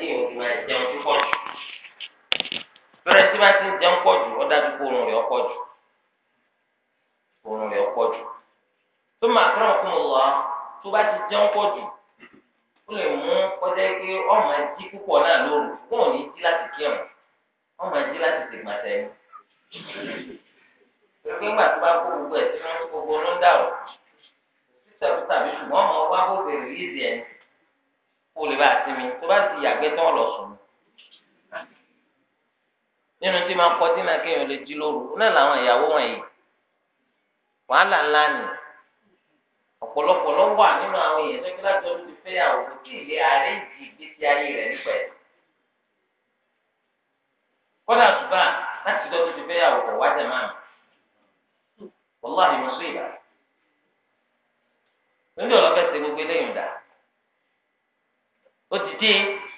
kí èèyàn ti máa jẹun púpọ̀ jù lọ́rẹ́ tí wọ́n ti ń jẹun pọ̀ jù ó dájú pé oorun rẹ̀ ó pọ̀ jù oorun rẹ̀ ó pọ̀ jù tó máa kọ́ ọ̀kọ́ mọ̀ wá tó bá ti jẹun pọ̀ jù ó lè mú kọjá pé ọmọ jí púpọ̀ náà lóru fún òní jí láti kírun ọmọ jí láti tègbàtẹ́ ni pé ńgbà tó bá kó gbogbo ẹ̀ sínú gbogbo ló ń dà ó títẹ̀ kó lè bá a sinmi tó bá ti yàgbẹ́ tán lọ sùn nínú tí máa kọ́ tí máa kéèyàn lè jí lóru náà làwọn ìyàwó wọ̀nyí wàhálà ńlá ni ọ̀pọ̀lọpọ̀ ló wà nínú àwọn èèyàn tó kí láti ọdún ti fẹ́ àwọn òkè ilé ààrẹ ìjì ìgbésí ayé rẹ̀ nípa ẹ̀. kọ́dà ṣùgbọ́n láti ọdún ti fẹ́ àwọn ọ̀wá jẹ̀ máa wọ́lá ìmọ̀ sí ìlà. níbi ọ̀lọ́fẹ́ ṣe gbogbo ó ti dín